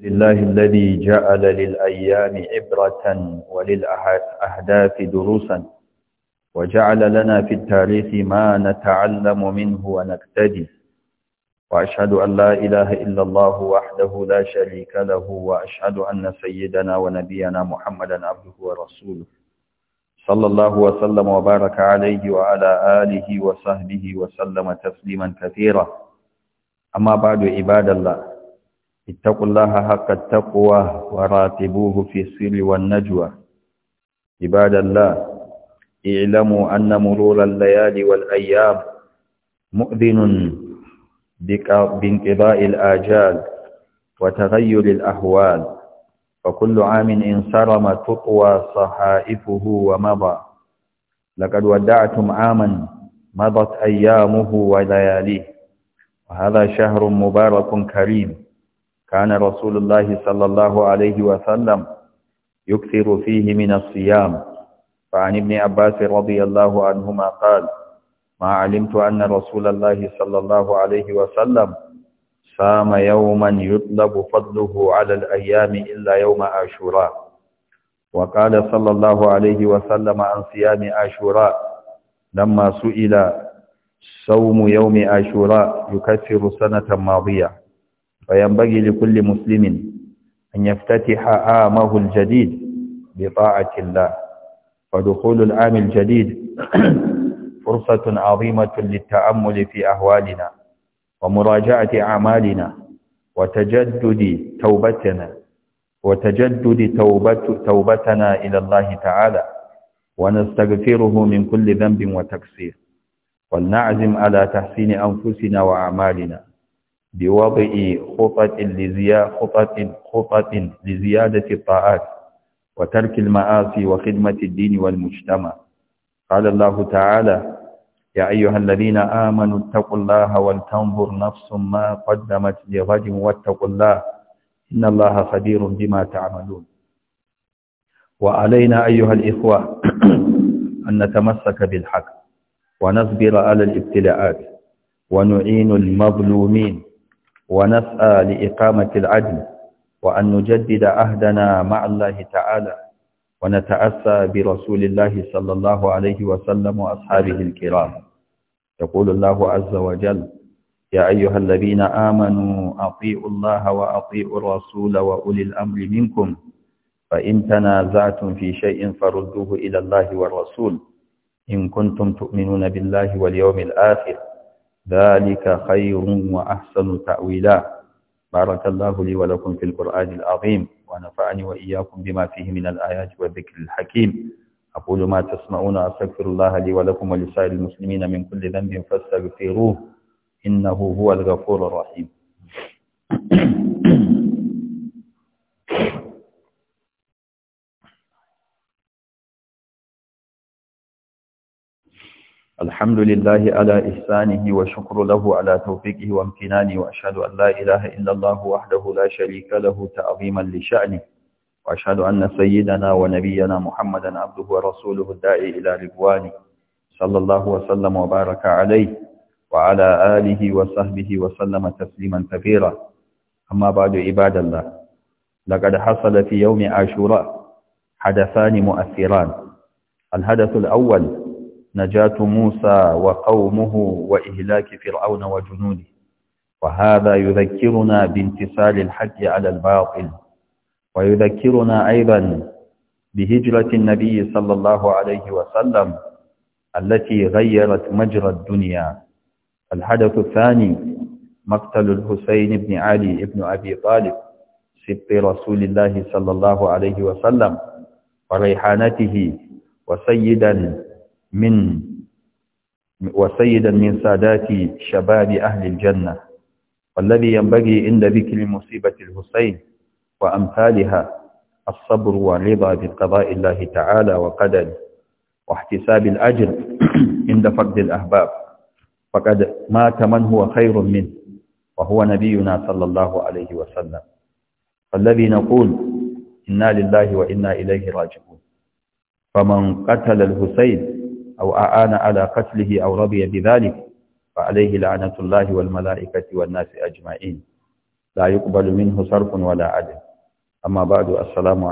لله الذي جعل للأيام عبرة وللأهداف دروسا وجعل لنا في التاريخ ما نتعلم منه ونقتدي وأشهد أن لا إله إلا الله وحده لا شريك له وأشهد أن سيدنا ونبينا محمدا عبده ورسوله صلى الله وسلم وبارك عليه وعلى آله وصحبه وسلم تسليما كثيرا أما بعد عباد الله اتقوا الله حق التقوى وراتبوه في السر والنجوى عباد الله اعلموا أن مرور الليالي والأيام مؤذن بانقضاء الآجال وتغير الأحوال وكل عام انصرم تطوى صحائفه ومضى لقد ودعتم عاما مضت أيامه ولياليه وهذا شهر مبارك كريم كان رسول الله صلى الله عليه وسلم يكثر فيه من الصيام فعن ابن عباس رضي الله عنهما قال ما علمت أن رسول الله صلى الله عليه وسلم صام يوما يطلب فضله على الأيام إلا يوم عاشوراء وقال صلى الله عليه وسلم عن صيام عاشوراء لما سئل صوم يوم عاشوراء يكثر سنة ماضية فينبغي لكل مسلم أن يفتتح عامه الجديد بطاعة الله فدخول العام الجديد فرصة عظيمة للتأمل في أهوالنا ومراجعة أعمالنا وتجدد توبتنا وتجدد توبت توبتنا إلى الله تعالى ونستغفره من كل ذنب وتكسير ولنعزم على تحسين أنفسنا وأعمالنا بوضع خطط لزيادة خطط خطط لزيادة الطاعات وترك المعاصي وخدمة الدين والمجتمع قال الله تعالى يا أيها الذين آمنوا اتقوا الله ولتنظر نفس ما قدمت لغد واتقوا الله إن الله خبير بما تعملون وعلينا أيها الإخوة أن نتمسك بالحق ونصبر على الابتلاءات ونعين المظلومين ونسعى لإقامة العدل وأن نجدد عهدنا مع الله تعالى ونتأسى برسول الله صلى الله عليه وسلم وأصحابه الكرام يقول الله عز وجل يا أيها الذين آمنوا أطيعوا الله وأطيعوا الرسول وأولي الأمر منكم فإن تنازعتم في شيء فردوه إلى الله والرسول إن كنتم تؤمنون بالله واليوم الآخر ذلك خير وأحسن تأويلا بارك الله لي ولكم في القرآن العظيم ونفعني وإياكم بما فيه من الآيات والذكر الحكيم أقول ما تسمعون أستغفر الله لي ولكم ولسائر المسلمين من كل ذنب فاستغفروه إنه هو الغفور الرحيم الحمد لله على إحسانه وشكر له على توفيقه وامتنانه وأشهد أن لا إله إلا الله وحده لا شريك له تعظيما لشأنه وأشهد أن سيدنا ونبينا محمدا عبده ورسوله الداعي إلى رضوانه صلى الله وسلم وبارك عليه وعلى آله وصحبه وسلم تسليما كثيرا أما بعد عباد الله لقد حصل في يوم عاشوراء حدثان مؤثران الحدث الأول نجاة موسى وقومه وإهلاك فرعون وجنوده وهذا يذكرنا بانتصال الحق على الباطل ويذكرنا أيضا بهجرة النبي صلى الله عليه وسلم التي غيرت مجرى الدنيا الحدث الثاني مقتل الحسين بن علي بن أبي طالب سبط رسول الله صلى الله عليه وسلم وريحانته وسيدا من وسيدا من سادات شباب أهل الجنة والذي ينبغي عند ذكر مصيبة الحسين وأمثالها الصبر والرضا بقضاء الله تعالى وقدر واحتساب الأجر عند فقد الأحباب فقد مات من هو خير منه وهو نبينا صلى الله عليه وسلم فالذي نقول إنا لله وإنا إليه راجعون فمن قتل الحسين أو أعان على قتله أو رضي بذلك فعليه لعنة الله والملائكة والناس أجمعين لا يقبل منه صرف ولا عدل أما بعد السلام